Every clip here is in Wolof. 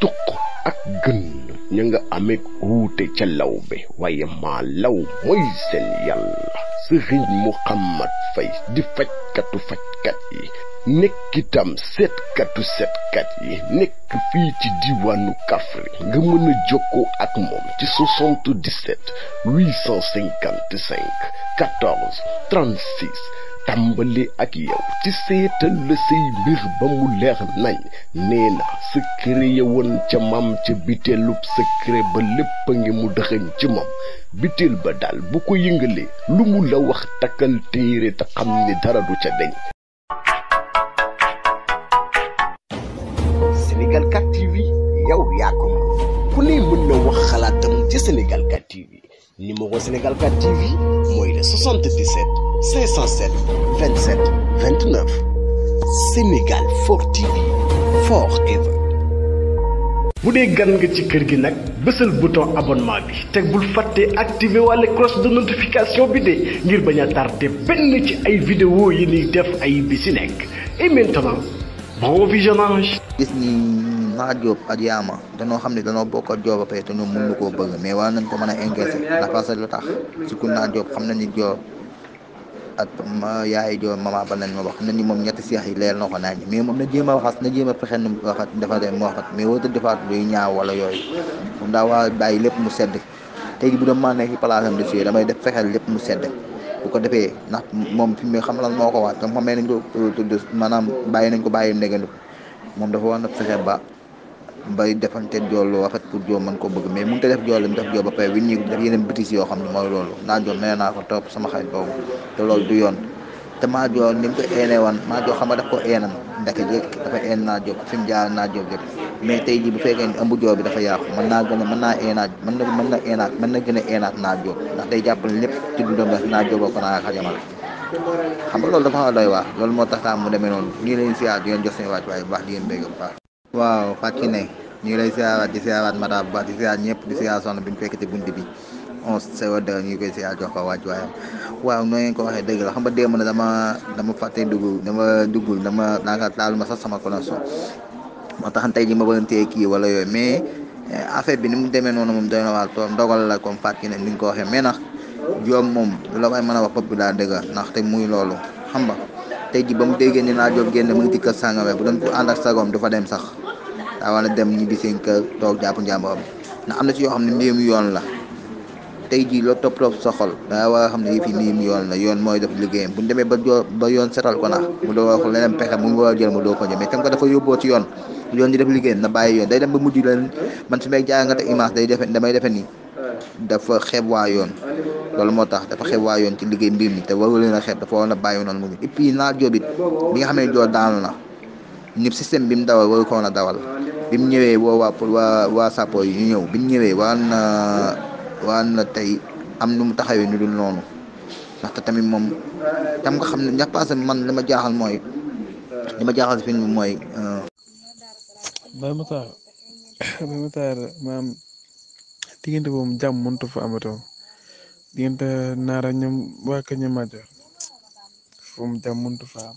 tuq ak gën ña nga amee wuute ca law bi waaye ma law mooy seen yàlla sëriñ Muhammad Fay di fajkatu fajkat yi nekk itam seetkatu seetkat yi nekk fii ci diwaanu Kaffrine nga mën jokkoo ak moom ci 77 855 14 tàmbali ak yow ci seetal la say mbir ba mu leer nañ nee na secret ya ca maam ca biteelub secret ba lépp a ngi mu dëxëñ ci moom biteel ba daal bu ko yëngalee lu mu la wax takkal téere te xam ni dara du ca deñ Sénégal 4 TV yow yaa ko ku ne mën na wax xalaatam ci Sénégal 4 TV numéro Sénégal 4 TV il est 77 507 27 29 Sénégal 4 TV forever. Vous dee gan nga ci kër gi nag le bouton abonnement bi vous bul activer la cloche de notification bi de ngir bañ tardé benn ci ay vidéo et maintenant bon visionnage. maa Diop ak danoo xam ne danoo bokk ak Diop ba pare te ñoom mën na koo bëgg mais war nañ ko mën a encaissé ndax parce que lu tax si Kounda Diop xam na ni Diop xam nañ ni moom ñetti seex yi leer na ko na jéem a waxaat na jéem a fexe nu waxat mu waxat mais warut a defaat luy ñaaw wala yooyu moom daa waa nekk de fexeel lépp mu sedd. bu ko defee ndax moom fi mu xam lan moo ko waat te xam nañ ko maanaam bàyyi nañ ko bàyyi ndegenu moom dafa war na fexe ba bay defante jool lu rafet pour joo mën ko bëgg mais mënut a def jool li mu def joo ba pare wi ñii def naa jool nee naa ko trop yoon te maa joo ni mu ko eenee xam nga daf ko eenan ndeke jëkk dafa een fi mu jaar naa jóg jëkk tey jii bu fekkee ni ëmb joo bi dafa yàqu a naa eenaat na mën na eenaat mën na gën a eenaat naa jóg ndax day lépp ci dundam rek naa jóg ko naa xajamal xam nga a doy waar loolu moo tax taa mu demee noonu jox seen wàcc waaye baax di leen bégg bu waaw Fatou ne ñu ngi lay siyaaraat di siyaaraat Mata bu baax di siyaar ñëpp di siyaar soxna bi ñu fekk ci bunt bi on sewa dara ñu ngi koy siyaar jox ko waaj waayam waaw noo ngeen ko waxee dëgg la xam nga démb ne dama dama fàtte dugg dama duggul dama daanaka laaluma sax sama connexion moo tax tey ji ma bëggantee kii wala yooyu mais eh, affaire bi ni mu demee noonu moom doy na waar toom ndogal la comme Fatou Kiné ni nga ko waxee mais nag joom moom lu la koy man a wax bopp bi daa dëgg ndax te muy loolu xam nga tey ji ba mu déggee ni naa joom génne mu ngi dikka sàngawee bu doon ànd ak sagoom du fa dem sax wala dem ñibbi seen kër toog jàpp njàmbur am ndax am na ci yoo xam ne mbirum yoon la tey jii loo topp topp sa xol daa war xam ne yëf yi mbirum yoon la yoon mooy def liggéeyam bu ñu demee ba ba yoon setal ko na mu doo wax leneen pexe mu war a doo ko jël mais ko dafa yóbboo ci yoon yoon di def liggéeyam na bàyyi yoon day dem ba mujj leen man su may jaar nga te image day defe damay defe nii dafa xeeb waa yoon loolu moo tax dafa xeeb waa yoon ci liggéey mbir mi te waru leen a xeeb dafa waroon a bàyyi noonu mu ngi et puis naa joobit bi nga xam ne joo daanu na ñëpp système bi mu dawal waru ko woon a dawal bi mu ñëwee woo waa waa waa sappo yi ñu ñëw bi ñu ñëwee waan na tey am nu mu taxawee nu dul noonu ndaxte tamit moom tam xam ne ndax parce man li ma jaaxal mooy li jaaxal si film bi mooy. Euh, Baye Matar maam diggante boobu jàmm mënut fa amatoon diggante naara ñoom waa ka ñoom àjà foofu jàmm mënut fa am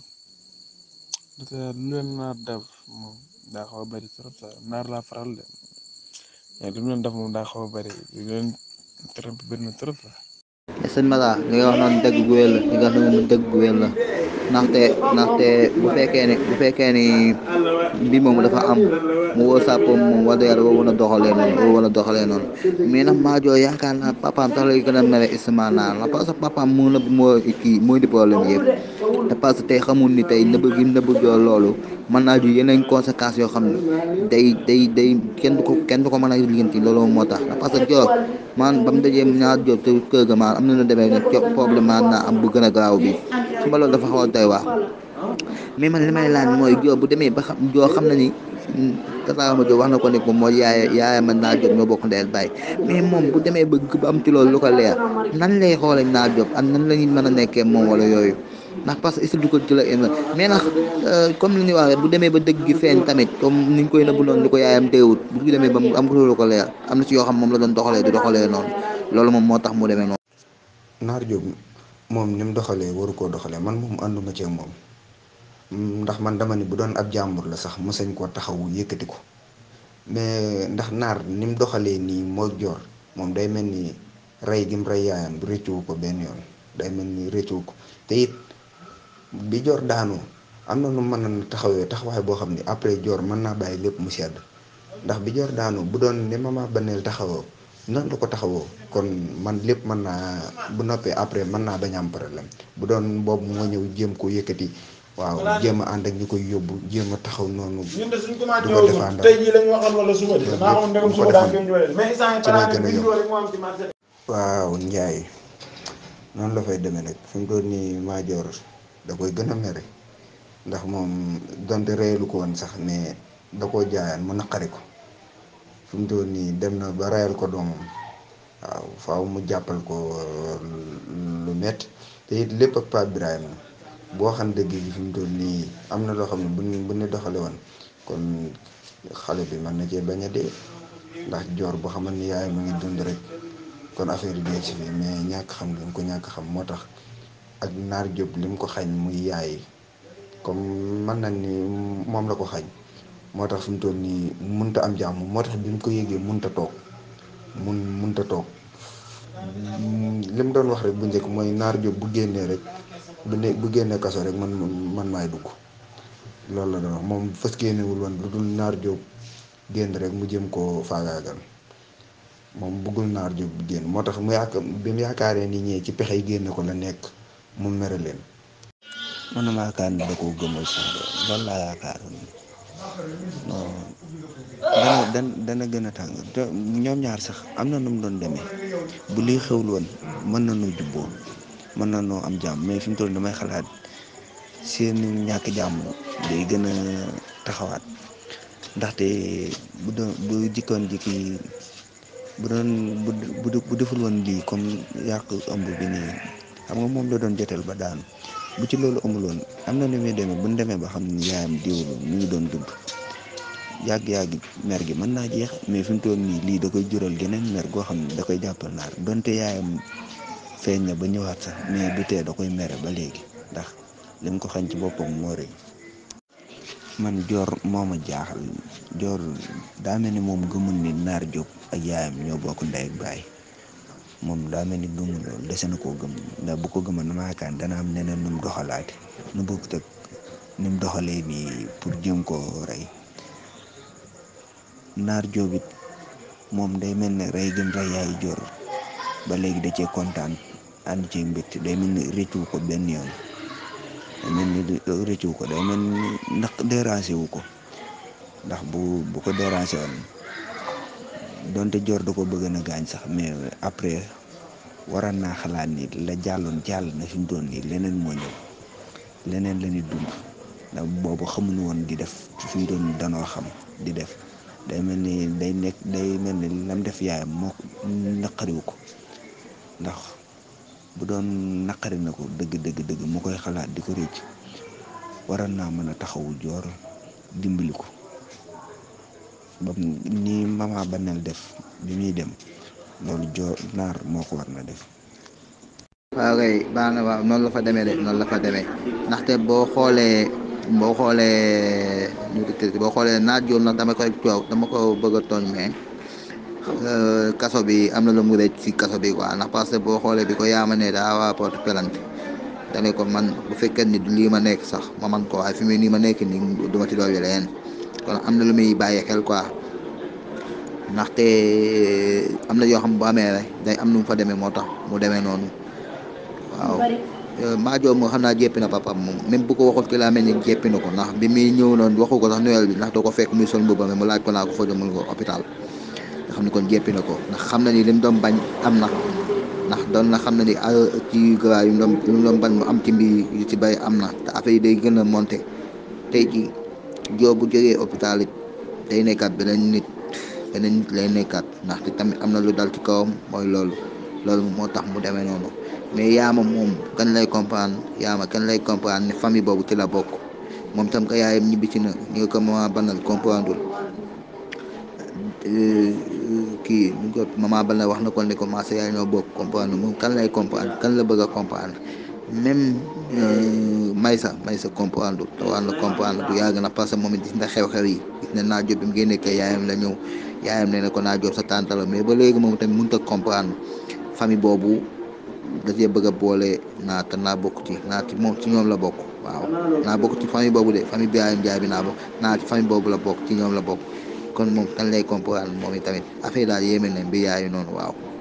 lu leen naar def moom. da xaw a bëri trop sax naar laa faral de mais li mu leen def moom daa xaw a bëri li mu leen trop bëri na trop sax. sëñ Mata li nga wax noonu dëgg gu wér la li nga wax noonu dëgg gu wér la ndaxte ndaxte bu fekkee ne bu fekkee ni bi moom dafa am mu woo sàppoom moom wax dëgg yàlla woo wala doxalee noonu woo wala doxalee noonu mais nag Madior yaakaar naa papaam sax lay gën a mere la parce que papaam la moo kii mooy di problème yëpp. te que tey xamul ni tey nëbb gi nëbb joo loolu man naa ju yeneen conséquences yoo xam ne day day day kenn du kenn du ko mën a liggéenti loolu moo tax parce que joor man ba mu dajee ñaar joor te ga maan am na lu demee ne problème maan naa am bu gën a garaaw bi su dafa xaw a doy wax mais man li may laaj mooy joor bu demee ba xam joor xam na ni tata ma joor wax na ko ne ko mooy yaay yaay man naa joor ñoo bokk ndeyal baay mais moom bu demee ba am ci loolu lu ko leer nan lay xoolee naa joor ak nan la ñuy mën a nekkee moom wala yooyu ndax que est-ce que du ko jël euh, comme li ñuy wax bu demee ba dëgg gi feeñ tamit comme ni ñu koy nëbbu noonu li ko yaayam téewut bu ba mu am ko lu ko leer am na ci yoo xam moom la doon doxalee di doxalee loolu moom moo tax mu demee noonu. Naar Diop moom ni doxalee waru koo doxalee man moom ànduma cee moom ndax man dama ni bu doon ab jàmbur la sax mu sañ koo taxaw yëkkati ko mais ndax naar ni mu doxalee nii moo joor moom day mel ni rey gi rey yaayam réccu ko benn yoon day mel nii réccu ko te it. bi joor daanu am na nu mën a taxawee taxawaay boo xam ne après joor mën naa bàyyi lépp mu sedd ndax bi joor daanu bu doon ni mama baneel taxawoo nan la ko taxawoo kon man lépp mën naa bu noppee après mën naa bañ am problème bu doon boobu moo ñëw jéem ko yëkkati waaw jéem ànd ak ñu koy yóbbu jéem taxaw noonu. ñun de waaw Ndiaye noonu la fay demee nag fi mu nii maa joor da koy gën a mere ndax moom donte reyalu ko woon sax mais da koo jaayaan mu naqari ko fi mu toll nii dem na ba reyal ko doomam waaw faw mu jàppal ko euh, lu métti te it lépp ak Pape Birahim boo xam dëgg gi fi mu nii am na loo xam ne bu ñu doxalee ñu woon kon xale bi mën na cee bañ a ndax joor boo xamante ni yaayam mu ngi dund rek kon affaire yi dee ci mais ñàkk xam gi ko ñàkk xam moo tax. ak naar Diop lim ko xañ muy yaay comme man nañ ni moom la ko xañ moo tax fi mu nii mënut am jàmm moo tax bi mu ko yëgee a toog mun mënut toog li mu doon wax rek bu njëkk mooy naar Diop bu génnee rek bu ne bu génnee kaso rek man man maay dugg loolu la doon wax moom fas génnewul woon lu dul naar jóob génn rek mu jëm koo faagaagal moom bëggul naar Diop génn moo tax mu yaaka bi mu yaakaaree ni ñee ci pexe yi génne ko la nekk. mu mere leen man dama yaakaar ne da koo gëmal sax loolu laa yaakaaroon non dana gën a tàng ñoom ñaar sax am na nu mu doon demee bu lii xewul woon mën na noo jubboo mën na noo am jàmm mais fi mu toll damay xalaat seen ñàkk jàmm day gën a taxawaat ndaxte bu doon bu jikkoon jikki bu doon bu deful woon lii comme yàq ëmb bi nii xam nga moom la doon jotal ba daanu bu ci loolu amuloon am na nu muy demee bu ñu demee ba xam ne yaayam diwlu mi ngi doon dund yàgg-yàgg mer gi mën naa jeex mais fi mu toll nii da koy jural geneen mer goo xam ne da koy jàppal naar donte yaayam feeñ na ba ñëwaat mais du tee da koy mere ba léegi ndax lim ko xañ ci boppam moo rëy man joor moo ma jaaxal joor daa ni moom gëmul ni naar jóg ak yaayam ñoo bokk ndey ak baay moom daa mel ni gëmul loolu dese na koo gëm ndax bu ko gëmoon damaa yaakaar dana am neneen nu mu doxalaate nu bokkut ak ni mu doxalee nii pour jëm koo rey naar joobit moom day mel ni rey gëm rey yaay joor ba léegi da cee kontaan ànd ci mbégte day mel ni rëccu ko benn yoon day mel ni ko day mel ni ndax dérangé wu ko ndax bu bu ko dérangé woon donte joor da ko bëgg na gaañ sax mais après waroon naa xalaat ni la jàlloon jàll na fi mu doon nii leneen moo ñëw leneen la ñuy dund ndax boobu xamuñu woon di def fi mu doon danoo xam di def day mel ni day nekk day mel ni lam def yaayam moo naqariwu ko ndax bu doon naqari na ko dëgg dëgg dëgg mu koy xalaat di ko rëcc waroon naa mën a taxawu joor dimbali ko. ba ni mama banel def bi muy dem loolu joo naar moo ko war na def waaw la fa demee de la fa demee ndaxte boo xoolee boo xoolee boo xoolee naaj yoon nag dama koy coow dama ko bëgg a tooñ mais euh, kaso bi am na lu mu rëcc ci kaso bi quoi ndax parce que boo xoolee bi ko yaama ne daa waa porte pelante dane ko man bu fekkee ni du lii ma nekk sax ma man ko waaye fi mu nii ma nekk nii ma ci dool yi kon am na lu muy bàyyi xel quoi ndaxte eh, am na yoo xam bu amee rek day am nu mu fa demee moo tax mu demee noonu waaw eh, maajoo moo xam naa jéppi na papaam moom même bu ko waxul ki laa mel ni jéppi ko ndax bi muy ñëw noonu waxu ko sax Noël bi ndax doo ko fekk muy sol mbubbam mu laaj ko naa ko foo jëm mu ko xam ne kon jéppi na ko ndax xam na ni li mu doon bañ am na ndax doon na xam na ni ah, ci gras yu mu doon yu mu mu am ci mbir yu ci bari am na te affaire yi day gën a monté tey jii joobu bu jógee hôpital it day nekkaat beneen nit beneen nit lay nekkaat ndaxte tamit am na lu dal ci kawam mooy loolu loolu moo tax mu demee noonu mais yaama moom kan lay comprendre yaama kan lay comprendre famille boobu ci la bokk moom tam ka yaayam ñibbisi na ñu ko maman banal comprendre euh, kii ñu ko maman banal wax na ko ne ko maa sa yaay ñoo bokk comprendre moom kan lay comprendre kan la bëgg a comprendre même euh, Maysa Maysa comprendre war na comprendre bu yàgg na parce que moom it gis na xew-xew yi gis naa job bi mu génnee kay yaayam la ñëw yaayam ne ne ko naa job sa tante la mais ba léegi moom tamit mënut a comprendre famille boobu da bëgg a boole naa naa bokk ci naa ci moom ci ñoom la bokk waaw naa bokk ci famille boobu de famille naa bokk naa ci boobu la bokk ci ñoom la bokk kon moom kan lay comprendre moom i tamit affaire daal yéeme nañ bi yaayu noonu waaw